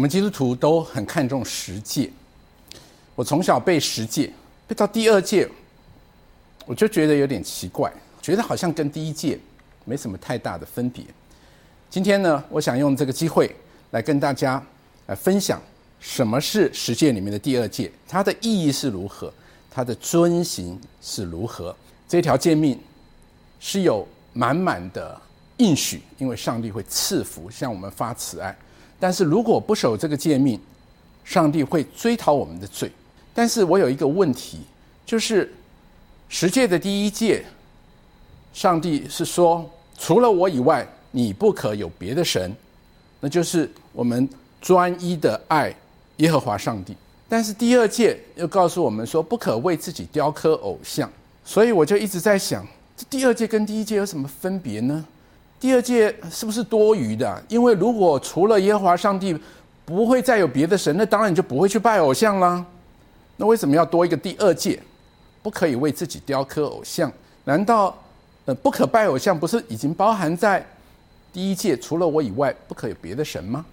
我們基督徒都很看重十誡。我從小背十誡，背到第二誡，我就覺得有點奇怪，覺得好像跟第一誡沒什麼太大的分別。今天呢，我想用這個機會來跟大家來分享什麼是十誡裡面的第二誡，它的意義是如何，它的遵行是如何。這條誡命是有滿滿的應許，因為上帝會賜福向我們發慈愛。但是，如果不守這個誡命，上帝會追討我們的罪。但是我有一個問題，就是十誡的第一誡，上帝是說，除了我以外，你不可有別的神，那就是我們專一的愛耶和華上帝。但是第二誡又告訴我們說，不可為自己雕刻偶像。所以我就一直在想，這第二誡跟第一誡有什麼分別呢？第二誡是不是多餘的？因為如果除了耶和華上帝不會再有別的神，那當然你就不會去拜偶像了。那為什麼要多一個第二誡？不可以為自己雕刻偶像？難道呃不可拜偶像不是已經包含在第一誡除了我以外不可有別的神嗎？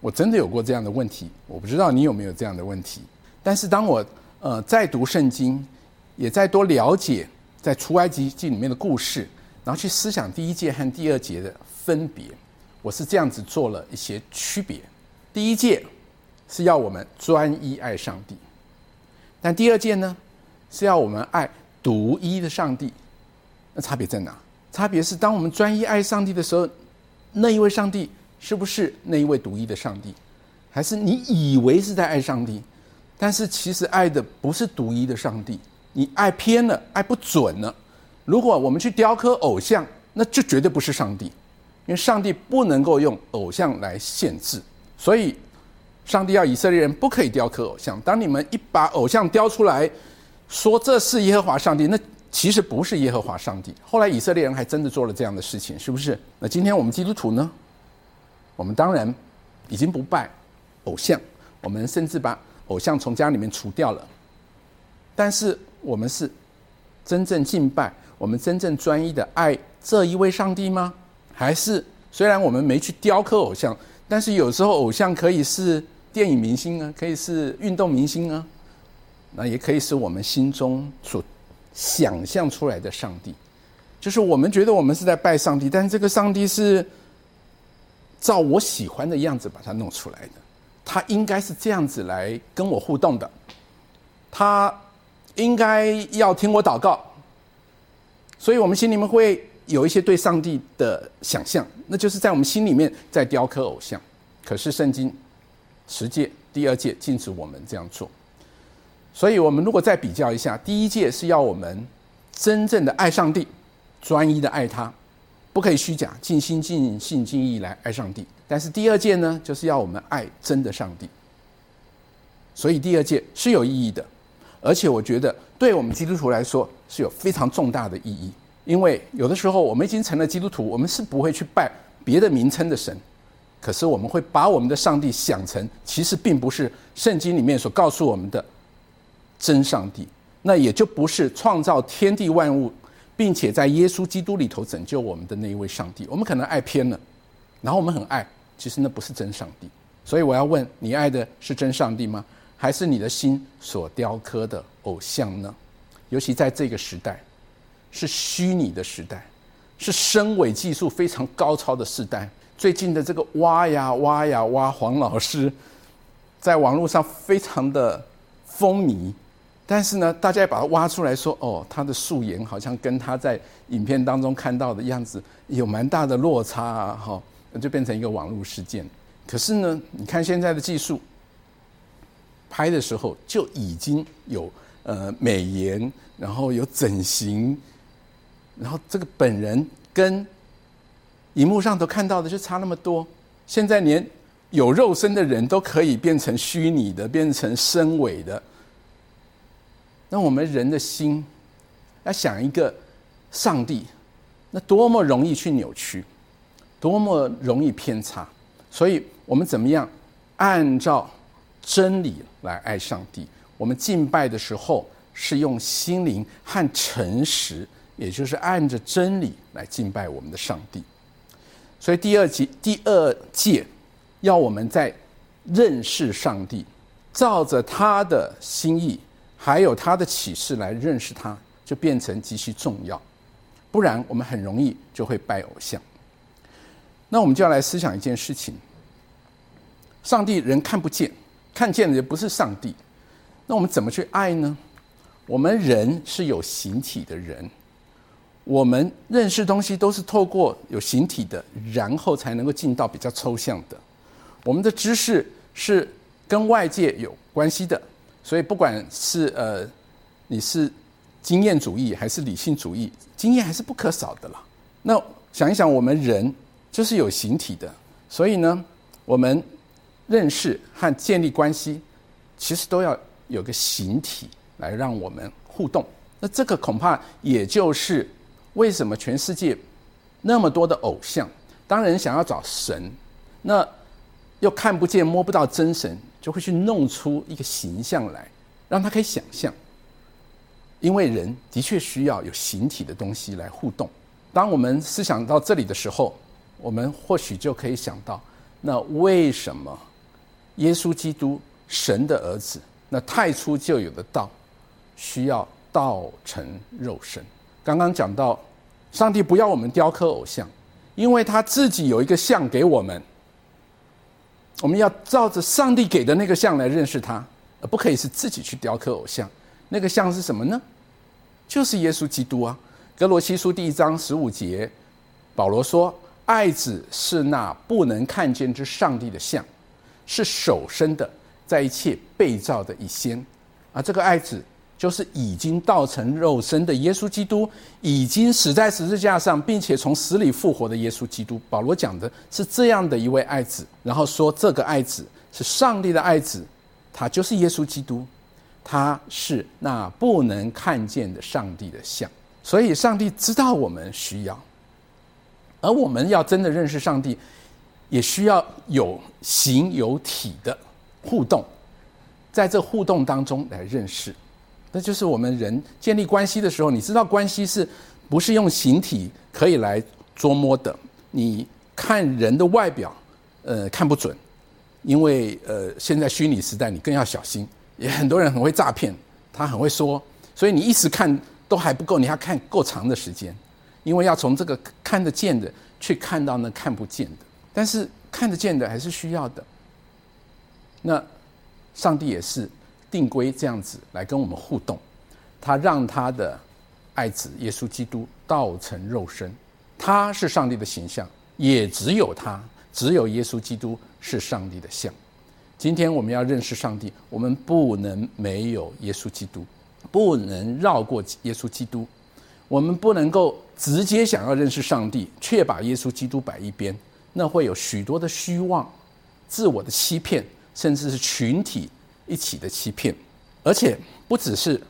我真的有過這樣的問題，我不知道你有沒有這樣的問題。但是當我呃再讀聖經，也再多了解在出埃及記裡面的故事。然後去思想第一誡和第二誡的分別，我是這樣子做了一些區別。第一誡是要我們專一愛上帝，但第二誡呢是要我們愛獨一的上帝。那差別在哪？差別是當我們專一愛上帝的時候，那一位上帝是不是那一位獨一的上帝？還是你以為是在愛上帝，但是其實愛的不是獨一的上帝，你愛偏了，愛不準了。如果我們去雕刻偶像，那就絕對不是上帝，因為上帝不能夠用偶像來限制，所以上帝要以色列人不可以雕刻偶像。當你們一把偶像雕出來，說這是耶和華上帝，那其實不是耶和華上帝。後來以色列人還真的做了這樣的事情，是不是？那今天我們基督徒呢？我們當然已經不拜偶像，我們甚至把偶像從家裡面除掉了，但是我們是真正敬拜。我們真正專一的愛這一位上帝嗎？還是雖然我們沒去雕刻偶像，但是有時候偶像可以是電影明星啊，可以是運動明星啊，那也可以是我們心中所想象出來的上帝。就是我們覺得我們是在拜上帝，但是這個上帝是照我喜歡的樣子把他弄出來的，他應該是這樣子來跟我互動的，他應該要聽我禱告。所以，我們心裡面會有一些對上帝的想象，那就是在我們心裡面在雕刻偶像。可是，聖經十誡第二誡禁止我們這樣做。所以我們如果再比較一下，第一誡是要我們真正的愛上帝，專一的愛他，不可以虛假，盡心盡性盡意來愛上帝。但是，第二誡呢，就是要我們愛真的上帝。所以，第二誡是有意義的，而且我覺得，對我們基督徒來說。是有非常重大的意義，因為有的時候我們已經成了基督徒，我們是不會去拜別的名稱的神，可是我們會把我們的上帝想成，其實並不是聖經裡面所告訴我們的真上帝，那也就不是創造天地萬物，並且在耶穌基督裡頭拯救我們的那一位上帝。我們可能愛偏了，然後我們很愛，其實那不是真上帝。所以我要問，你愛的是真上帝嗎？還是你的心所雕刻的偶像呢？尤其在這個時代，是虛擬的時代，是深偽技術非常高超的時代。最近的這個挖呀挖呀挖，黃老師在網絡上非常的風靡，但是呢，大家把他挖出來說，哦，他的素顏好像跟他在影片當中看到的樣子有蠻大的落差啊，哈、哦，就變成一個網絡事件。可是呢，你看現在的技術，拍的時候就已經有。呃，美顏，然後有整形，然後這個本人跟熒幕上都看到的就差那麼多。現在連有肉身的人都可以變成虛擬的，變成深偽的。那我們人的心，要想一個上帝，那多麼容易去扭曲，多麼容易偏差。所以我們怎麼樣按照真理來愛上帝？我們敬拜的時候，是用心靈和誠實，也就是按着真理來敬拜我們的上帝。所以第二誡、第二誡，要我們在認識上帝，照着他的心意，還有他的啟示來認識他，就變成極其重要。不然，我們很容易就會拜偶像。那我們就要來思想一件事情：上帝人看不見，看見的也不是上帝。那我們怎麼去愛呢？我們人是有形體的人，我們認識東西都是透過有形體的，然後才能夠進到比較抽象的。我們的知識是跟外界有關係的，所以不管是呃，你是經驗主義還是理性主義，經驗還是不可少的啦。那想一想，我們人就是有形體的，所以呢，我們認識和建立關係，其實都要。有個形體來讓我們互動，那這個恐怕也就是為什麼全世界那麼多的偶像，當人想要找神，那又看不見摸不到真神，就會去弄出一個形象來，讓他可以想象。因為人的確需要有形體的東西來互動。當我們思想到這裡的時候，我們或許就可以想到，那為什麼耶穌基督，神的兒子？那太初就有的道，需要道成肉身。剛剛講到，上帝不要我們雕刻偶像，因為他自己有一個像給我們。我們要照着上帝給的那個像來認識他，而不可以是自己去雕刻偶像。那個像是什麼呢？就是耶穌基督啊。歌羅西書第一章十五節，保羅說：“愛子是那不能看見之上帝的像，是首生的。”在一切被造的以先，啊，這個愛子就是已經道成肉身的耶穌基督，已經死在十字架上，並且從死裡復活的耶穌基督。保羅講的是這樣的一位愛子，然後說這個愛子是上帝的愛子，他就是耶穌基督，他是那不能看見的上帝的像。所以，上帝知道我們需要，而我們要真的認識上帝，也需要有形有體的。互動，在這互動當中來認識，那就是我們人建立關係的時候，你知道關係是不是用形體可以來捉摸的？你看人的外表，呃，看不準，因為呃，現在虛擬時代，你更要小心。也很多人很會詐騙，他很會說，所以你一時看都還不夠，你要看夠長的時間，因為要從這個看得見的去看到那看不見的。但是看得見的還是需要的。那上帝也是定規這樣子來跟我們互動，他讓他的愛子耶穌基督道成肉身，他是上帝的形象，也只有他，只有耶穌基督是上帝的像。今天我們要認識上帝，我們不能沒有耶穌基督，不能繞過耶穌基督，我們不能夠直接想要認識上帝，卻把耶穌基督擺一邊，那會有許多的虛妄、自我的欺騙。甚至是群體一起的欺騙，而且不只是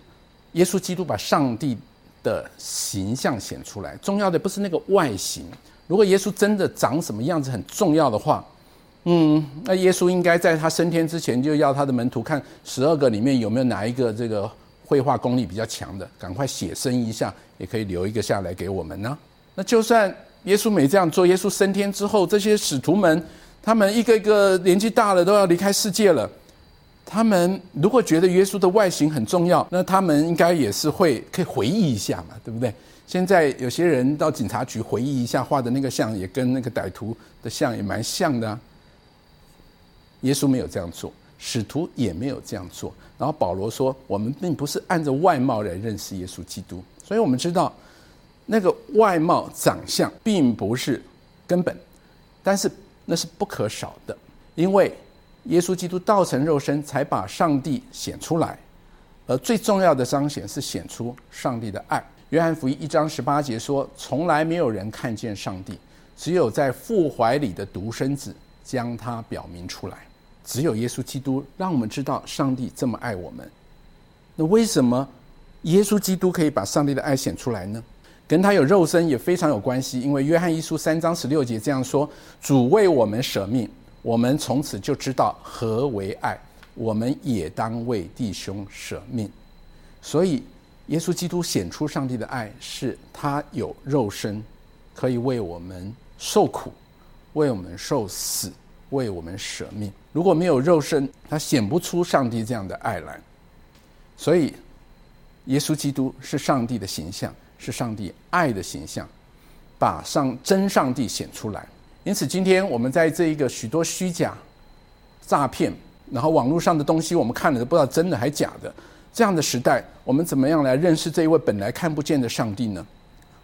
耶穌基督把上帝的形象顯出來。重要的不是那個外形。如果耶穌真的長什麼樣子很重要的話，嗯，那耶穌應該在他升天之前就要他的門徒看十二個裡面有沒有哪一個這個繪畫功力比較強的，趕快寫生一下，也可以留一個下來給我們呢、啊。那就算耶穌沒這樣做，耶穌升天之後，這些使徒們。他們一個一個年紀大了都要離開世界了，他們如果覺得耶穌的外形很重要，那他們應該也是會可以回憶一下嘛，對不對？現在有些人到警察局回憶一下畫的那個像，也跟那個歹徒的像也蠻像的啊。耶穌沒有這樣做，使徒也沒有這樣做。然後保羅說：“我們並不是按著外貌來認識耶穌基督，所以我們知道那個外貌長相並不是根本，但是。”那是不可少的，因為耶穌基督道成肉身，才把上帝顯出來。而最重要的彰顯是顯出上帝的愛。約翰福音一章十八節說：“從來沒有人看見上帝，只有在父懷裡的獨生子將他表明出來。只有耶穌基督，讓我們知道上帝這麼愛我們。那為什麼耶穌基督可以把上帝的愛顯出來呢？”跟他有肉身也非常有關係，因為約翰一書三章十六節這樣說：“主為我們舍命，我們從此就知道何為愛，我們也當為弟兄舍命。”所以，耶穌基督顯出上帝的愛，是他有肉身，可以為我們受苦，為我們受死，為我們舍命。如果沒有肉身，他顯不出上帝這樣的愛來。所以，耶穌基督是上帝的形象。是上帝愛的形象，把上真上帝顯出來。因此，今天我們在這一個許多虛假、詐騙，然後網絡上的東西，我們看了都不知道真的還假的這樣的時代，我們怎麼樣來認識這一位本來看不見的上帝呢？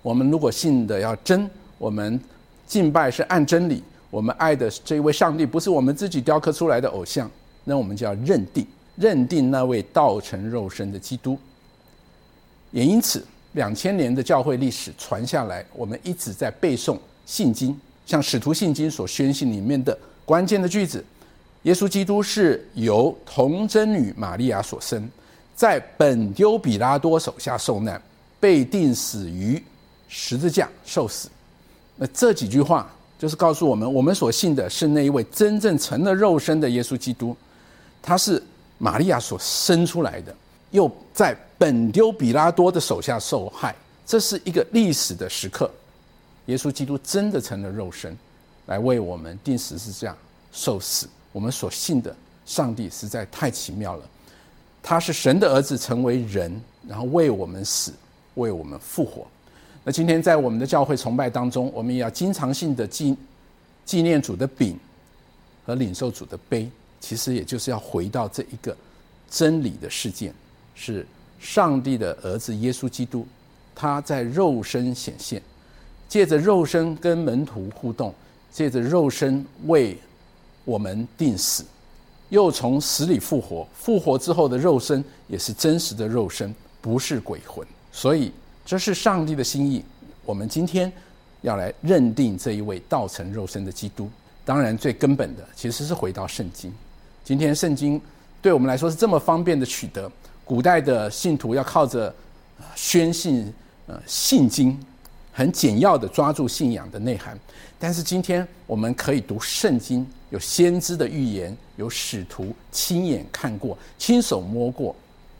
我們如果信的要真，我們敬拜是按真理，我們愛的這一位上帝不是我們自己雕刻出來的偶像，那我們就要認定、認定那位道成肉身的基督。也因此。兩千年的教會歷史傳下來，我們一直在背誦信經，像使徒信經所宣信裡面的關鍵的句子：“耶穌基督是由童貞女瑪利亞所生，在本丟比拉多手下受難，被定死於十字架受死。”那這幾句話就是告訴我們，我們所信的是那一位真正成了肉身的耶穌基督，他是瑪利亞所生出來的。又在本丟比拉多的手下受害，這是一個歷史的時刻。耶穌基督真的成了肉身，來為我們定時是這樣受死。我們所信的上帝實在太奇妙了，他是神的兒子，成為人，然後為我們死，為我們復活。那今天在我們的教會崇拜當中，我們也要經常性的記紀紀念主的餅和領受主的杯，其實也就是要回到這一個真理的事件。是上帝的兒子耶穌基督，他在肉身顯現，借着肉身跟門徒互動，借着肉身為我們釘死，又從死裡復活。復活之後的肉身也是真實的肉身，不是鬼魂。所以這是上帝的心意。我們今天要來認定這一位道成肉身的基督。當然，最根本的其實是回到聖經。今天聖經對我們來說是這麼方便的取得。古代的信徒要靠着宣信、呃信經，很簡要的抓住信仰的內涵。但是今天我們可以讀聖經，有先知的預言，有使徒親眼看過、親手摸過、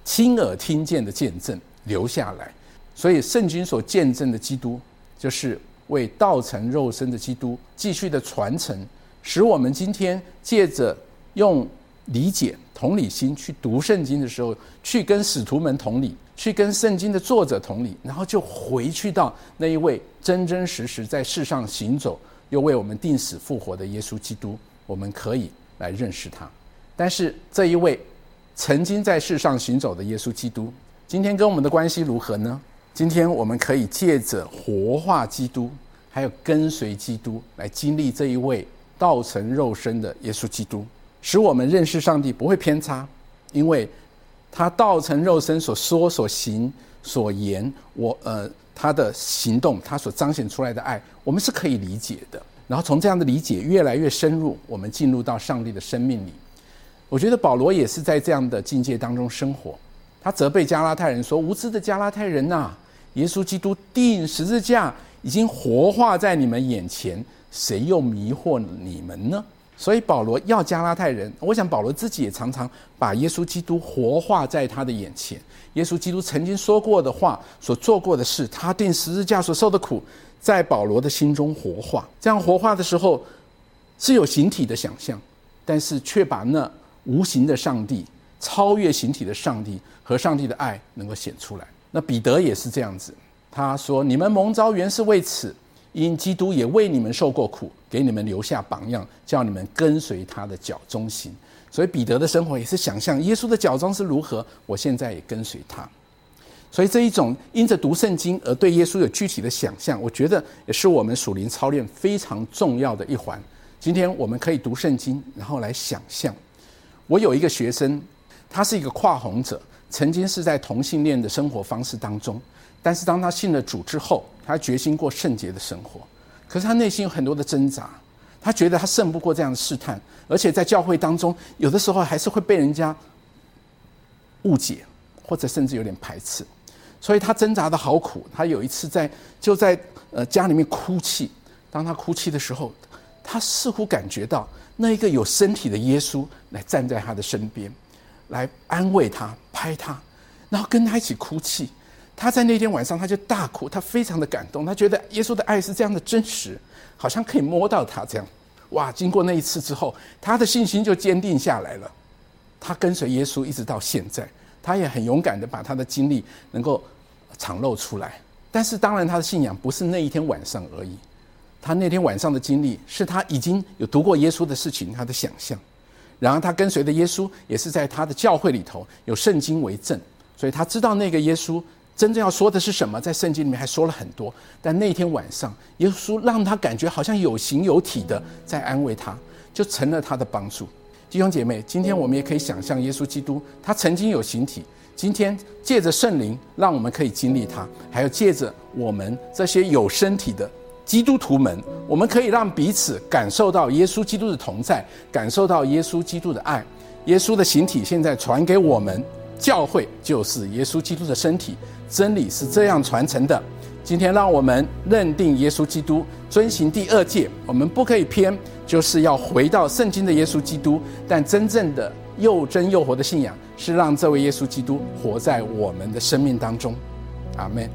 親耳聽見的見證留下來。所以聖經所見證的基督，就是為道成肉身的基督繼續的傳承，使我們今天借着用。理解同理心，去讀聖經的時候，去跟使徒們同理，去跟聖經的作者同理，然後就回去到那一位真真實實在世上行走，又為我們釘死復活的耶穌基督，我們可以來認識他。但是這一位曾經在世上行走的耶穌基督，今天跟我們的關係如何呢？今天我們可以借着活化基督，還有跟隨基督，來經歷這一位道成肉身的耶穌基督。使我們認識上帝不會偏差，因為他道成肉身所說所行所言，我呃他的行動，他所彰顯出來的愛，我們是可以理解的。然後從這樣的理解越來越深入，我們進入到上帝的生命裡。我覺得保羅也是在這樣的境界當中生活。他責備加拉太人說：“無知的加拉太人吶、啊，耶穌基督釘十字架已經活化在你們眼前，誰又迷惑你們呢？”所以保羅要加拉太人，我想保羅自己也常常把耶穌基督活化在他的眼前。耶穌基督曾經說過的話、所做過的事、他釘十字架所受的苦，在保羅的心中活化。這樣活化的時候，是有形體的想象，但是卻把那無形的上帝、超越形體的上帝和上帝的愛能夠顯出來。那彼得也是這樣子，他說：“你們蒙召原是為此，因基督也為你們受過苦。”給你們留下榜樣，叫你們跟隨他的腳蹤行。所以彼得的生活也是想象耶穌的腳蹤是如何，我現在也跟隨他。所以這一種因着讀聖經而對耶穌有具體的想象，我覺得也是我們屬靈操練非常重要的一環。今天我們可以讀聖經，然後來想象。我有一個學生，他是一個跨虹者，曾經是在同性戀的生活方式當中，但是當他信了主之後，他決心過聖潔的生活。可是他內心有很多的掙扎，他覺得他勝不過這樣的試探，而且在教會當中，有的時候還是會被人家誤解，或者甚至有點排斥，所以他掙扎的好苦。他有一次在就在呃家裡面哭泣，當他哭泣的時候，他似乎感覺到那一個有身體的耶穌來站在他的身邊，來安慰他，拍他，然後跟他一起哭泣。他在那天晚上，他就大哭，他非常的感動，他覺得耶穌的愛是這樣的真實，好像可以摸到他這樣。哇！經過那一次之後，他的信心就堅定下來了。他跟隨耶穌一直到現在，他也很勇敢的把他的經歷能夠敞露出來。但是，當然他的信仰不是那一天晚上而已。他那天晚上的經歷是他已經有讀過耶穌的事情，他的想象。然後他跟隨的耶穌也是在他的教會裡頭有聖經為證，所以他知道那個耶穌。真正要說的是什麼，在聖經裡面還說了很多。但那天晚上，耶穌讓他感覺好像有形有體的在安慰他，就成了他的幫助。弟兄姐妹，今天我們也可以想象，耶穌基督他曾經有形體，今天借着聖靈，讓我們可以經歷他；還有借着我們這些有身體的基督徒們，我們可以讓彼此感受到耶穌基督的同在，感受到耶穌基督的愛。耶穌的形體現在傳給我們，教會就是耶穌基督的身體。真理是這樣傳承的，今天讓我們認定耶穌基督，遵行第二誡，我們不可以偏，就是要回到聖經的耶穌基督。但真正的又真又活的信仰，是讓這位耶穌基督活在我們的生命當中。阿門。